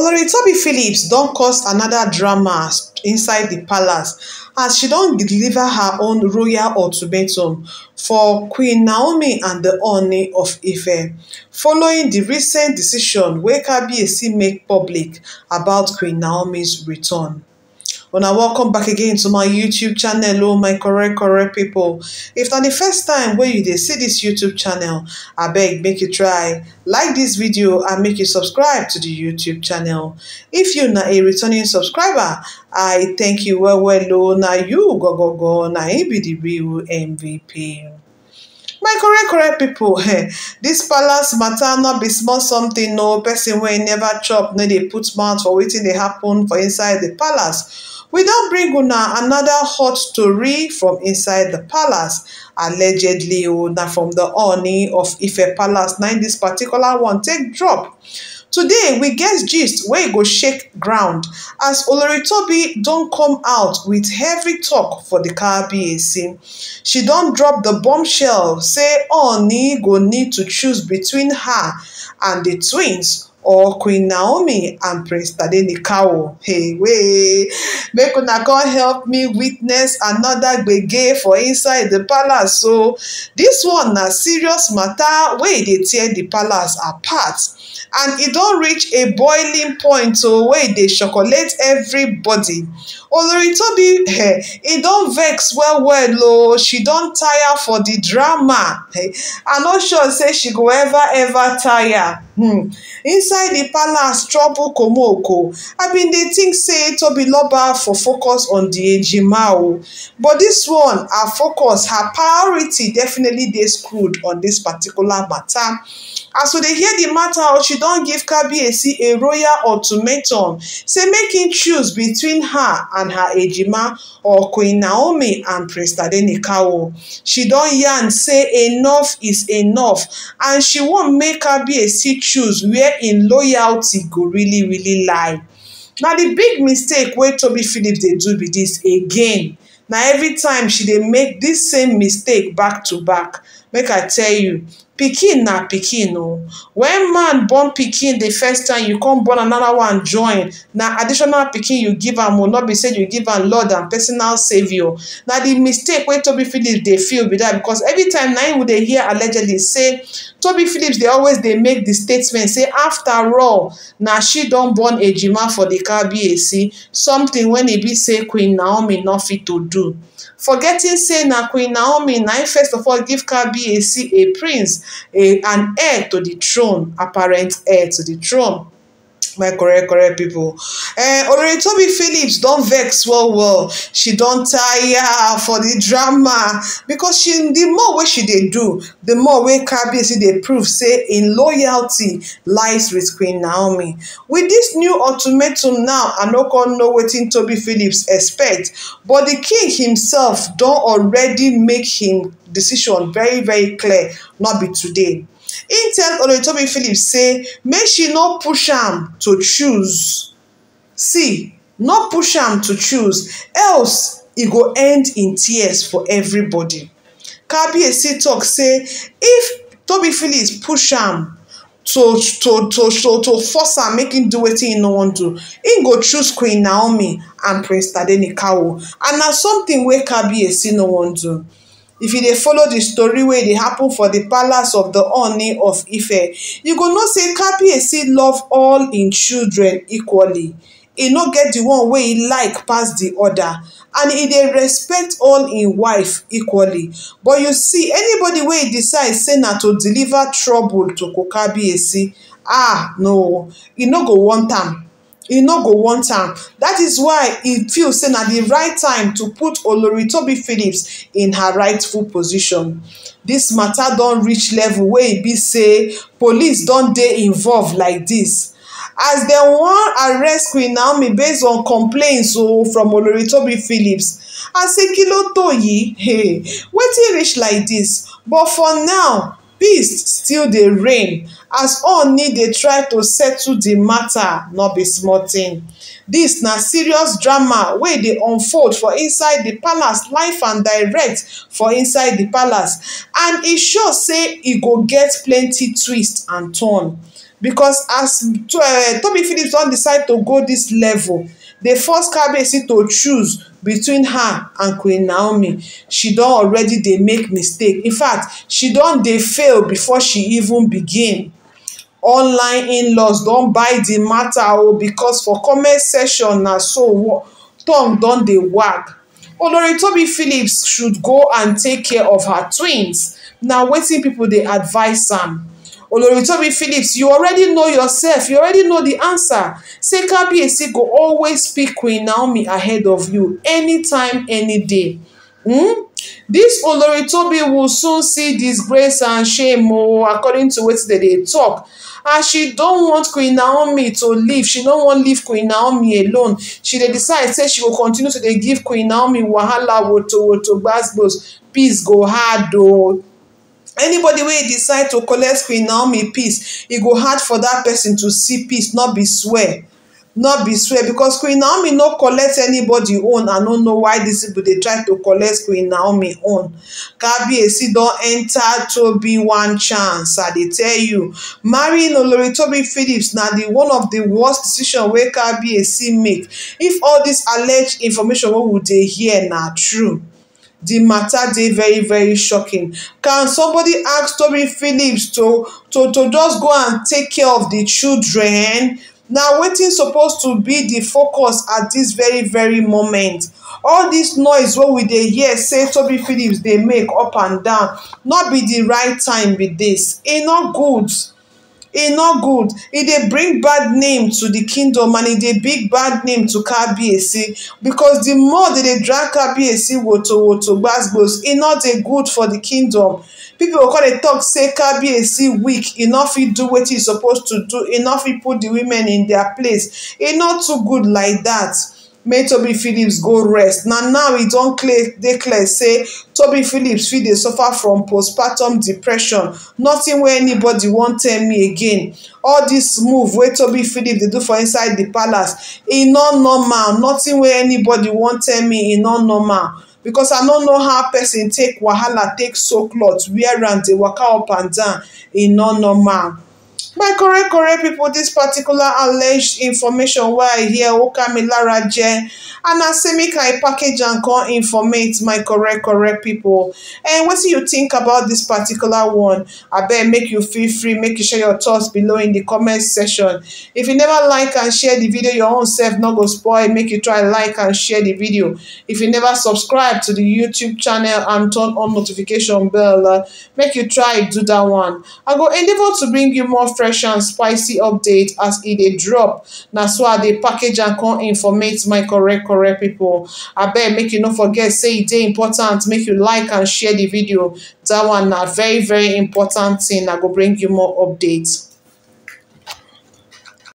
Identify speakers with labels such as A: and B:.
A: olori tobi philps don cause another drama inside the palace as she don deliver her own royal ultimatum for queen naomi and the ooni of ife following the recent decision wey kabiyesi make public about queen naomis return When welcome back again to my YouTube channel, oh my correct, correct people. If not the first time where you dey see this YouTube channel, I beg make you try like this video and make you subscribe to the YouTube channel. If you na a returning subscriber, I thank you well well oh, now you go go go, na him be the real MVP. my correct correct people. eh dis palace matter not be small something no person wey never chop no they put mouth for wetin they happen for inside the palace we don't bring una another hot story from inside the palace allegedly o oh, na from the honey of ife palace na this particular one take drop Today, we get gist wey e go shake ground as Oloritobi don't come out with heavy talk for the KBAC. She don't drop the bombshell say Ooni go need to choose between her and the twins or Queen Naomi and Prince Tadenikawo. Hey, way make una come help me witness another gbege for inside the palace so this one na serious matter wey e dey tear the palace apart and e don reach a boiling point o wey e dey chocolate everybody. olori tobi eh, e don vex well well o she don tire for the drama eh. i no sure say she go ever ever tire um inside the palace trouble komoko i bin dey think say tobiloba for focus on di ejima o but dis one her focus her priority definitely dey screwed on dis particular mata as we dey hear di matter, she don give kabiyesi a royal ultimatum say make im choose between her and her ejima or queen naomi and prince tadenikawo she don yarn say enough is enough and she wan make kabiyesi choose where im loyalty go really really lie na di big mistake wey Toby phillips dey do be dis again na every time she dey make dis same mistake back to back make i tell you pikin na pikin o when man born pikin the first time you come born another one join na additional pikin you give am o no be say you give am lord and personal saviour na the mistake wey Toby phillips dey feel be that because every time na him we dey hear allegedly say toby phillips dey always dey make di statement say After all na she don born ejima for di kbac something wen e be say queen naomi no fit to do forgetting say na queen naomi na im first of all give kbac a prince a an heir to di throne apparent heir to di throne my correct correct people. pipo eh, olori Toby phillips don vex well well she don tire for the drama because she. The more wey she dey do the more wey kabiyesi dey prove say im loyalty lies with queen naomi With dis new ultimatum now i no con know wetin Toby phillips expect but di king himself don already make im decision very very clear not be today im tell oloritobi phillips say make she no push am to choose see no push am to choose else e go end in tears for everybody. kabiyesi talk say if tobi phillips push am to to to to to force am make him do wetin him no wan do him go choose queen naomi and prince tadenikawo and na something wey kabiyesi no wan do if you dey follow the story wey dey happen for the palace of the Oni of ife you go know say kabiyesi love all im children equally e no get the one wey e like pass the oda and e dey respect all im wife equally but you see anybody wey decide say na to deliver trouble to kokabiyesi ah no e no go want am e no go want am That is why e feel say na the right time to put Oloritobi phillips in her rightful position This matter don reach level wey e be say police don dey involved like this. as dem wan arrest queen naomi based on complaints oh from oloritobi phillips asekiloto yìí hey, wetin reach like this? but for now peace still dey reign as oni dey try to settle di matter, no be small tin dis na serious drama wey dey unfold for inside di palace life and direct for inside di palace and e sure say e go get plenty twist and turn because as eh, tobi phillips don decide to go dis level They force Kabiyesi to choose between her and Queen Naomi. She don't already They make mistake. In fact, she don't. They fail before she even begin. Online in-laws don't buy the matter Oh, because for comment section na so tongue don dey wag. Olori Tobi Phillips should go and take care of her twins. Now, waiting people, they advise some. oloritobi phillips you already know yourself you already know di answer say kbs go always pick queen naomi ahead of you anytime any day dis hmm? oloritobi will soon see dis grace and shame oh, according to wetin dem dey tok as she don want queen naomi to leave she no wan leave queen naomi alone she dey decide say she go continue to dey give queen naomi wahala woto woto gbasgbo's peace go hard o. Oh. anybody wey decide to collect queen naomi peace e go hard for dat person to see peace not be swear not be swear because queen naomi no collect anybody own i no know why dis people dey try to collect queen naomi own kabiyesi don enter tobi one chance i dey tell you marrying olori tobi phillips na di one of di worst decision wey kabiyesi make if all dis alleged information wey we dey hear na true the matter dey very very shocking can somebody ask toby phillips to to to just go and take care of the children na wetin suppose to be the focus at this very very moment all this noise wey we dey hear say toby phillips dey make up and down not be the right time be this. e no good e no good e dey bring bad name to the kingdom and e dey big bad name to kabiyesi because the more they dey drag kabiyesi wotowoto gbasgbos e no dey good for the kingdom People go come dey tok say kabiyesi weak e no fit do wetin e suppose to do e no fit put the women in their place e no too good like that make toby phillips go rest na now e don dey clear say toby phillips fit dey suffer from postpartum depression nothing wey anybody wan tell me again all this move wey toby phillips dey do for inside the palace e no normal nothing wey anybody wan tell me e no normal because i no know how person take wahala take sew cloth wear am dey waka up and down e no normal my correct correct people, this particular alleged information wey i hear Okami Lara je and na say make i package am come informate my correct correct people. and wetin you think about this particular one abeg make you feel free make you share your thoughts below in the comment section if you never like and share the video your own self no go spoil make you try like and share the video if you never subscribe to the youtube channel and turn on notification bell uh, make you try do that one i go endeavor to bring you more fresh and spicy update as e dey drop na so i dey package and con informate my correct correct pipo abeg make you no forget say e dey important make you like and share the video dat one na very very important thing i go bring you more updates